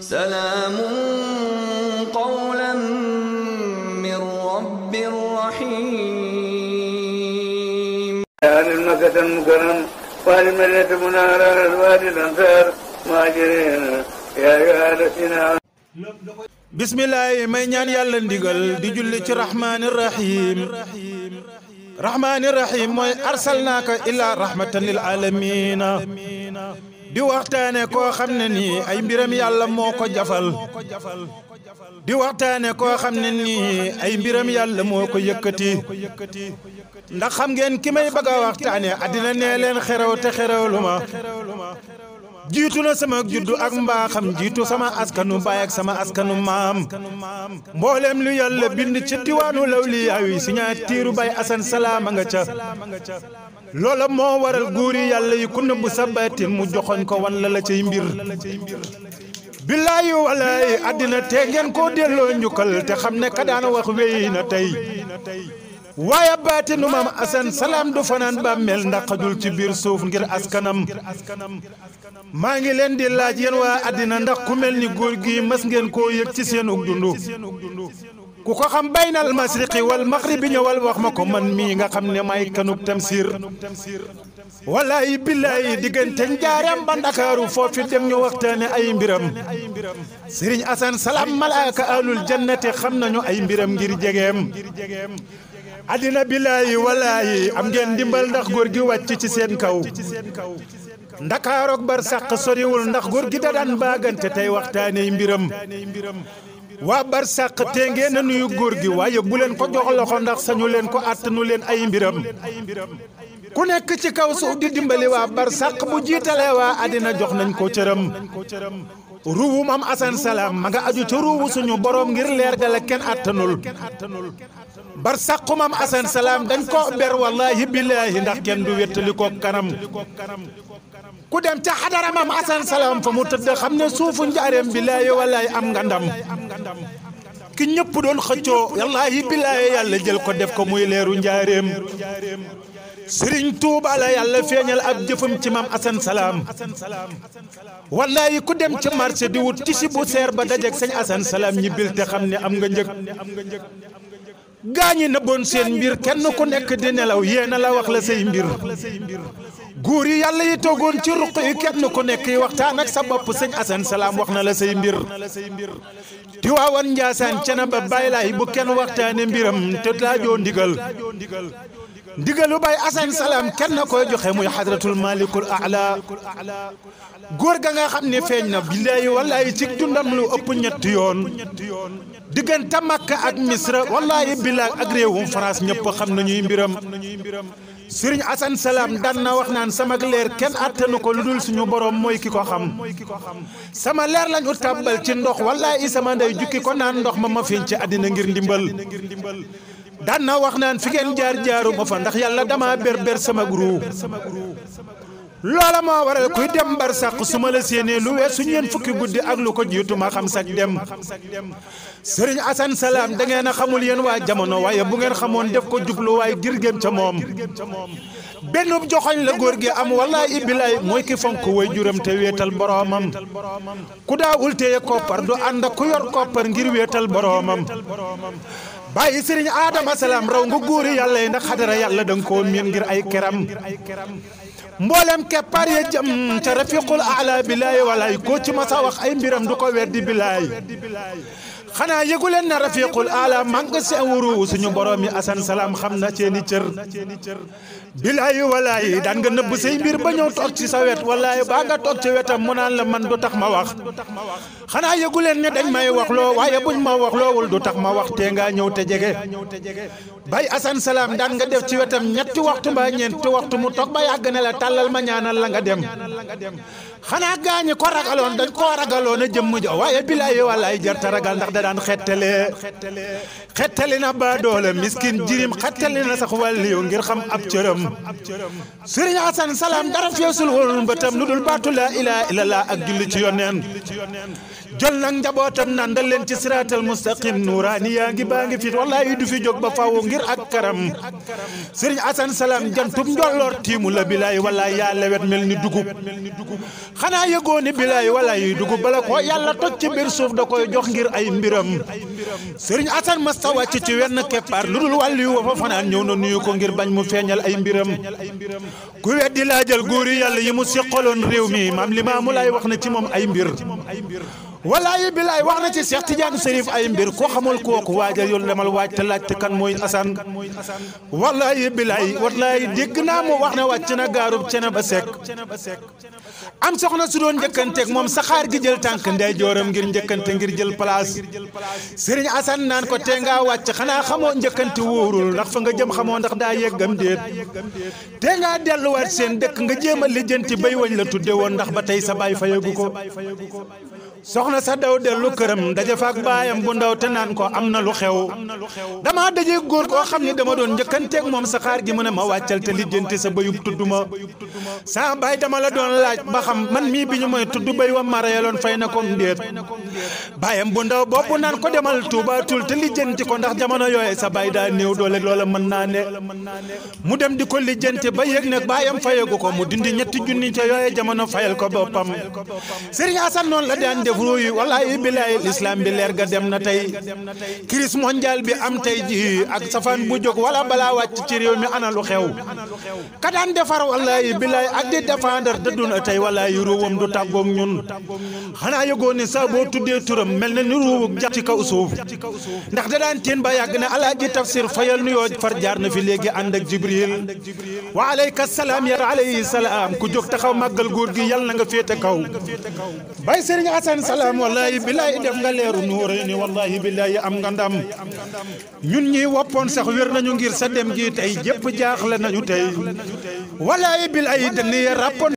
سلام قولا من رب رحيم أهل مكة المكرم وأهل المدينة المنارة الوادي الأنصار مهاجرين يا أيها الذين bismillah may ñaan yàlla ndigal di julli ci rahmaani rahim rahmaani rahiim mooy arsalnaaka illaa rahmatan lil aalamiina di waxtaane koo xam ne nii ay mbiram yàlla moo ko jafal di waxtaane koo xam ne nii ay mbiram yàlla moo ko yëkkati ndax xam ngeen ki may a waxtaane addina nee leen xerewlu ma jiitu na sama juddu ak mbaaxam jiitu sama askanu baay ak sama askanu maam mboolem lu yàlla bind ci diwaanu lawliyaa yi signature bay asan salaama nga ca loola moo waral guuri yàlla yi ku nëbbu sa baatin mu joxoñ ko wan la ciy mbir billaayi walaayi àddina te ngeen koo delloo njukkal te xam ne ka daan wax wéy na tey waaye baatinu maam asan salaam du fanaan mel ndax xajul ci biir suuf ngir askanam maa ngi leen di laaj yéen waa àddina ndax ku mel ni góor gi mas ngeen koo yëg ci seen ug dundu ku ko xam baynal masriqi wal maghribi ñëwal wax ma ko man mii nga xam ne may kanuk tamsir wallaay billaay diggante njaareem ba ndakaaru foofi dem ñu waxtaane ay mbiram sëriñ asan salaam malaaka alul jannate xam nañu ay mbiram ngir jegeem àddina billaayi wallaayi am ngeen dimbal ndax góor gi wàcc ci seen kaw ndakaarook bar sàq soriwul ndax góor gi da daan baagante tey waxtaaney mbiram waa bar sàq te ngeen a nuyu góor gi waaye bu leen ko jox ndax sañu leen ko àttanu leen ay mbiram ku nekk ci kaw suuf di dimbali waa bar sàq bu jiitalee waa àddina jox nañ ko cëram ruubu maam asan salaam ma nga aju ca ruubu suñu borom ngir leer ga la kenn attanul bar sàqu maam asan salaam dañ ko ber wallaahi billaahi ndax kenn du wéttali ko kanam ku dem ca xadara maam asan salaam fa mu tëdd xam ne suufu njaareem billaahi wallaahi am nga ndam ki ñëpp doon xëccoo wallaahi billaahi yàlla jël ko def ko muy leeru njaareem sëriñ tuuba la yàlla feeñal ab jëfam ci maam asan salaam wallaahi ku dem ci marché di wut tisi bu seer ba dajeek sëñ asan salaam ñibbil te xam ne am nga njëg gaañi nëbboon seen mbir kenn ku nekk di nelaw yéena la wax la say mbir góor yi yàlla yi toogoon ci ruq yi kenn ku nekk yi waxtaan ak sa bopp sëñ Assane Salaam wax na la say mbir Tiwaawan Njaasaan cene ba bàyyi laay bu kenn waxtaane mbiram te laajoo ndigal ndigalu bay asan salaam kenn na koy joxe muy xadratul malikul ala góor ga nga xam ne feeñ na billaahi wallaahi ci dundam lu ëpp ñetti yoon diggante Makka ak Misra wallaahi billaahi ak réewum France ñëpp xam nañuy mbiram sëriñ asan salaam daan na wax naan sama leer kenn attanu ko lu dul suñu borom mooy ki ko xam sama leer lañu tàbbal ci ndox wallaahi sama ndey jukki ko naan ndox ma ma feeñ ci àddina ngir ndimbal daan na wax naan fi ngeen jaar jaaruma fa ndax yàlla dama berber sama guru loola moo waral kuy dem bar sàq su la séenee lu weesu ñeen fukki guddi ak lu ko jiitu ma xam sag dem sëriñ asan salaam da a xamul yéen waa jamono waaye bu ngeen xamoon def ko jublu waaye girgéem ca moom bennub joxoñ la góor gi am wallaay ibilaay mooy ki fonk way juram te wéetal boroomam ku daawul téye koppar du ànd ak ku yor koppar ngir wéetal boroomam bàyyi sëriñ aadama salaam raw nga góori yàlla yi ndax xadara yàlla da nga koo miin ngir ay keram mboolem keppaar ya jëm ca rafiqul aala bilaay walaay koo ci masa wax ay mbiram du ko weddi bilaay xanaa yëgu leen na rafiqul ala manque si awuru suñu borom yi asan salaam xam na seeni cër bilaay walaay daan nga nëbb say mbir ba ñëw toog ci sa wet walaay baa nga toog ci wetam mu naan la man du tax ma wax xanaa yëgu leen ne dañ may wax loo waaye buñ ma wax loowul du tax ma wax tee ngaa ñëw te jege bay asan salaam daan nga def ci wetam ñetti waxtu mbaa ñeenti waxtu mu toog ba yàgg ne la tàllal ma ñaanal la nga dem xanaa gaañi ko ragaloon dañ koo ragaloon a jëmm ja waaye bilaay walaay jarta ragal ndax daan xettalee xettali na ba doole miskin jirim xettali na sax wàlliyu ngir xam ab cëram sëriñ Hasan Salam dara feesul woon bëtam lu dul baatu laa ilaaha illallah ak julli ci yoneen jël nag njabootam nandal leen ci siraatal mustaqim nuuraani yaa ngi baa ngi fit wallaahi du fi jóg ba faaw ngir ak karam sëriñ Hasan Salam jantum njolloor tiimu la bilaay wallaahi yaa lewet mel ni dugub xanaa yëgoo ni bilaay wallaahi dugub bala ko yàlla toj ci biir suuf da koy jox ngir ay mbir mbiram sëriñ Assane Masta wàcc ci wenn keppaar lu dul wàllu wa fa fanaan ñëw na nuyu ko ngir bañ mu feeñal ay mbiram ku weddi laajal góori yàlla yi mu siqaloon réew mi maam Limaamu Laay wax na ci moom ay mbir walaayi bilaay wax na ci Cheikh Tidiane Serif ay mbir koo xamul kooku waajal yoon demal waaj te laajte kan mooy Assane walaayi bilaay walaayi dégg naa mu wax ne wàcc na gaarub cene ba sekk am soxna su doon njëkkanteeg moom saxaar gi jël tànk ndey ngir njëkkante ngir jël place Serigne Assane naan ko tee ngaa wàcc xanaa xamoo njëkkante wóorul ndax fa nga jëm xamoo ndax daa yeggam déet tee ngaa delluwaat seen dëkk nga jéem a lijjanti bay wañ la tudde woon ndax ba tey sa baay fayagu ko soxna sa daw dellu këram daje faak baayam bu ndaw te naan ko am na lu xew dama daje góor koo xam ni dama doon njëkkanteeg moom sa xaar gi mu ne ma wàccal te lijjanti sa bayub tudd ma saa baay dama la doon laaj ba xam man mii bi ñu mooy tudd bay wa marayaloon fay na kom ndéet baayam bu ndaw bopp naan ko demal tuubaatul te lijjanti ko ndax jamono yooye sa baay daa néew doole loola mën naa ne mu dem di ko lijjanti ba yëg nag baayam fayagu ko mu dindi ñetti junni ca yooye jamono fayal ko boppam Sëriñ Asan noonu def ruuy wallaahi bilaay lislaam bi leer ga dem na tey crise mondiale bi am tey ji ak safaan bu jóg wala balaa wàcc ci réew mi ana lu xew ka daan defar wallaahi bilaay ak di défendre dëddu na tey wallaahi ruuwam du tàggoog ñun xanaa yëgoon sax boo tuddee turam mel na ni ruuwug jax ci kaw suuf ndax da daan teen ba yàgg ne alaaji tafsir fayal nuyoo far jaar na fi léegi ànd ak jibril wa aleyka salaam ya alayhi salaam ku jóg taxaw màggal góor gi yal na nga féete kaw bay sëriñ Asan leen salaam wallahi billahi def nga leeru nuuré ni wallahi billahi am nga ndam ñun ñi woppoon sax wér nañu ngir sa dem gi tey jëpp jaaxle nañu tey wallahi billahi dañuy rappoon